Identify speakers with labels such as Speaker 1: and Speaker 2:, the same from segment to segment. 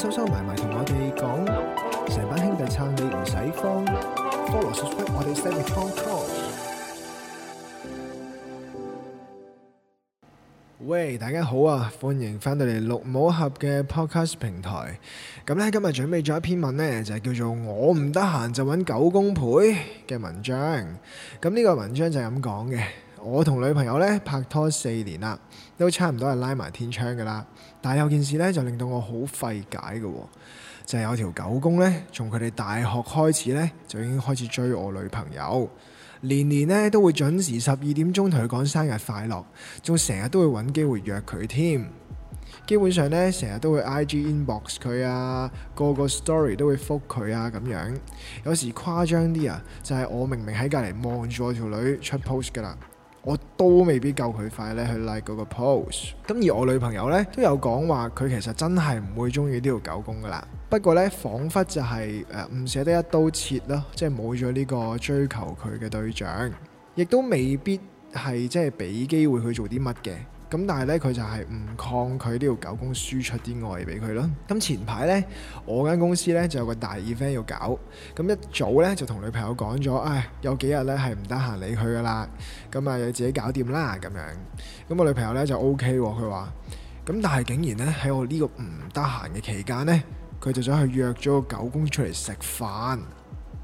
Speaker 1: 收收埋埋同我哋講，成班兄弟撐你唔使慌。菠蘿雪骨，follow, 我哋 steady podcast。喂，大家好啊，歡迎翻到嚟綠帽盒嘅 podcast 平台。咁咧，今日準備咗一篇文呢，就係叫做我唔得閒就搵狗公陪嘅文章。咁、這、呢個文章就係咁講嘅。我同女朋友呢，拍拖四年啦，都差唔多係拉埋天窗噶啦。但係有件事呢，就令到我好費解嘅，哦，就係、是、有條狗公呢，從佢哋大學開始呢，就已經開始追我女朋友，年年呢都會準時十二點鐘同佢講生日快樂，仲成日都會揾機會約佢添。基本上呢，成日都會 I G inbox 佢啊，個個 story 都會覆佢啊咁樣。有時誇張啲啊，就係、是、我明明喺隔籬望住我條女出 post 噶啦。我都未必夠佢快咧，去 like 嗰個 post 咁。而我女朋友呢，都有講話，佢其實真係唔會中意呢條狗公噶啦。不過呢，彷彿就係誒唔捨得一刀切咯，即係冇咗呢個追求佢嘅對象，亦都未必係即係俾機會去做啲乜嘅。咁但係咧，佢就係唔抗拒呢個狗公輸出啲愛俾佢囉。咁前排呢，我間公司呢就有個大 event 要搞，咁一早呢，就同女朋友講咗，唉，有幾日呢係唔得閒理佢噶啦，咁啊自己搞掂啦咁樣。咁我女朋友呢就 OK，佢話，咁但係竟然呢，喺我呢個唔得閒嘅期間呢，佢就想去約咗個狗公出嚟食飯，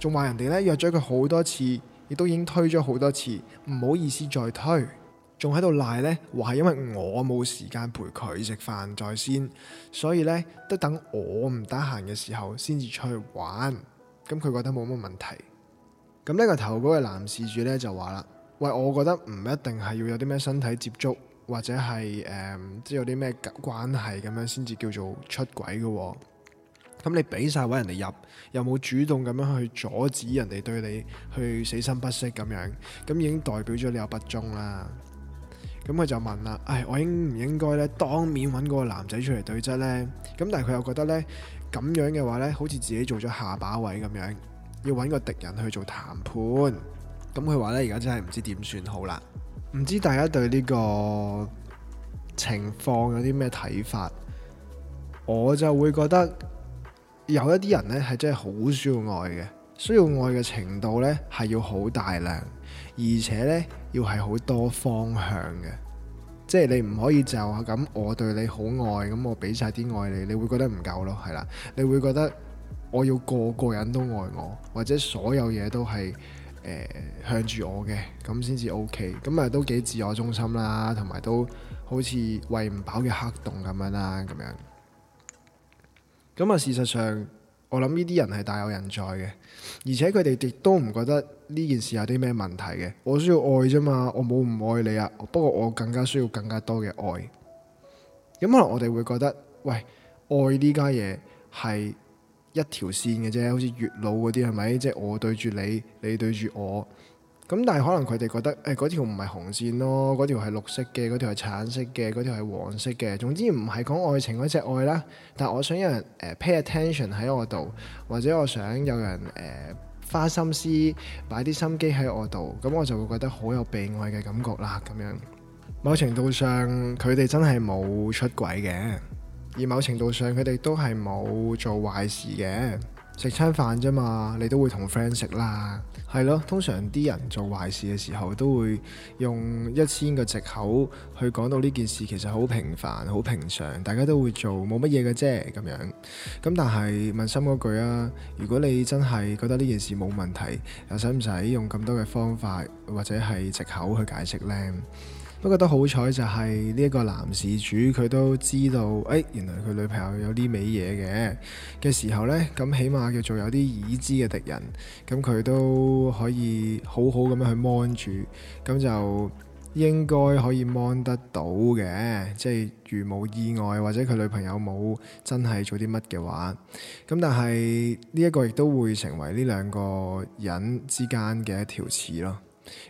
Speaker 1: 仲話人哋呢約咗佢好多次，亦都已經推咗好多次，唔好意思再推。仲喺度賴呢，話係因為我冇時間陪佢食飯在先，所以呢，都等我唔得閒嘅時候先至出去玩。咁佢覺得冇乜問題。咁呢個頭嗰個男事主呢，就話啦：喂，我覺得唔一定係要有啲咩身體接觸或者係誒、呃，即有啲咩關係咁樣先至叫做出軌嘅喎。咁你俾晒位人哋入，又冇主動咁樣去阻止人哋對你去死心不息咁樣，咁已經代表咗你有不忠啦。咁佢就問啦，唉，我應唔應該咧當面揾嗰個男仔出嚟對質呢？」咁但係佢又覺得呢，咁樣嘅話呢，好似自己做咗下把位咁樣，要揾個敵人去做談判。咁佢話呢，而家真係唔知點算好啦。唔知大家對呢個情況有啲咩睇法？我就會覺得有一啲人呢係真係好需要愛嘅。需要愛嘅程度呢，係要好大量，而且呢，要係好多方向嘅，即係你唔可以就咁我對你好愛，咁我俾晒啲愛你，你會覺得唔夠咯，係啦，你會覺得我要個個人都愛我，或者所有嘢都係、呃、向住我嘅，咁先至 OK，咁啊都幾自我中心啦，同埋都好似餵唔飽嘅黑洞咁樣啦，咁樣，咁啊事實上。我諗呢啲人係大有人在嘅，而且佢哋亦都唔覺得呢件事有啲咩問題嘅。我需要愛啫嘛，我冇唔愛你啊，不過我更加需要更加多嘅愛。咁可能我哋會覺得，喂，愛呢家嘢係一條線嘅啫，好似月老嗰啲係咪？即係我對住你，你對住我。咁但係可能佢哋覺得，誒、欸、嗰條唔係紅線咯，嗰條係綠色嘅，嗰條係橙色嘅，嗰條係黃色嘅，總之唔係講愛情嗰隻愛啦。但我想有人誒、呃、pay attention 喺我度，或者我想有人誒、呃、花心思擺啲心機喺我度，咁我就會覺得好有被愛嘅感覺啦。咁樣，某程度上佢哋真係冇出軌嘅，而某程度上佢哋都係冇做壞事嘅。食餐飯啫嘛，你都會同 friend 食啦，係咯。通常啲人做壞事嘅時候，都會用一千個藉口去講到呢件事其實好平凡、好平常，大家都會做，沒什麼，冇乜嘢嘅啫咁樣。咁但係問心嗰句啊，如果你真係覺得呢件事冇問題，又使唔使用咁多嘅方法或者係藉口去解釋呢？不過都好彩就係呢個男事主佢都知道，哎，原來佢女朋友有啲咩嘢嘅嘅時候呢，咁起碼叫做有啲已知嘅敵人，咁佢都可以好好咁樣去 mon 住，咁就應該可以 mon 得到嘅，即係如冇意外或者佢女朋友冇真係做啲乜嘅話，咁但係呢一個亦都會成為呢兩個人之間嘅一條刺咯。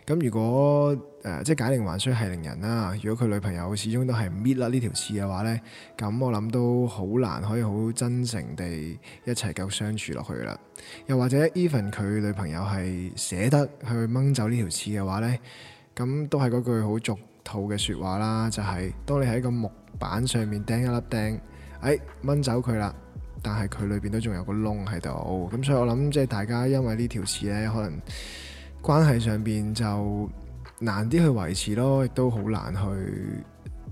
Speaker 1: 咁如果誒，即係解鈴還須繫鈴人啦，啊。如果佢女朋友始終都係搣甩呢條刺嘅話呢，咁我諗都好難可以好真誠地一齊夠相處落去啦。又或者 Even 佢女朋友係捨得去掹走呢條刺嘅話呢，咁都係嗰句好俗套嘅說話啦，就係，是，當你喺個木板上面釘一粒釘，誒，哎，掹走佢啦，但係佢裏邊都仲有個窿喺度。咁所以我諗即係大家因為呢條刺呢，可能。關係上面就難啲去維持咯，亦都好難去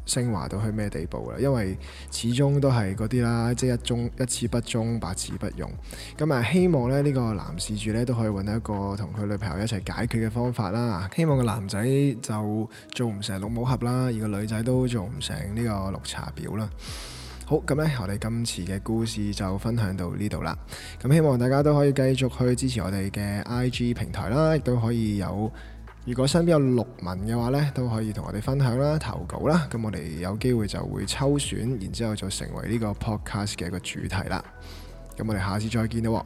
Speaker 1: 升華到去咩地步啦。因為始終都係嗰啲啦，即係一中一次不忠，百次不容。咁啊，希望呢個男事主呢都可以揾到一個同佢女朋友一齊解決嘅方法啦。希望個男仔就做唔成綠帽俠啦，而個女仔都做唔成呢個綠茶婊啦。好，咁呢，我哋今次嘅故事就分享到呢度啦。咁希望大家都可以繼續去支持我哋嘅 IG 平台啦，亦都可以有。如果身邊有六文嘅話呢，都可以同我哋分享啦、投稿啦。咁我哋有機會就會抽選，然之後就成為呢個 podcast 嘅一個主題啦。咁我哋下次再見喎。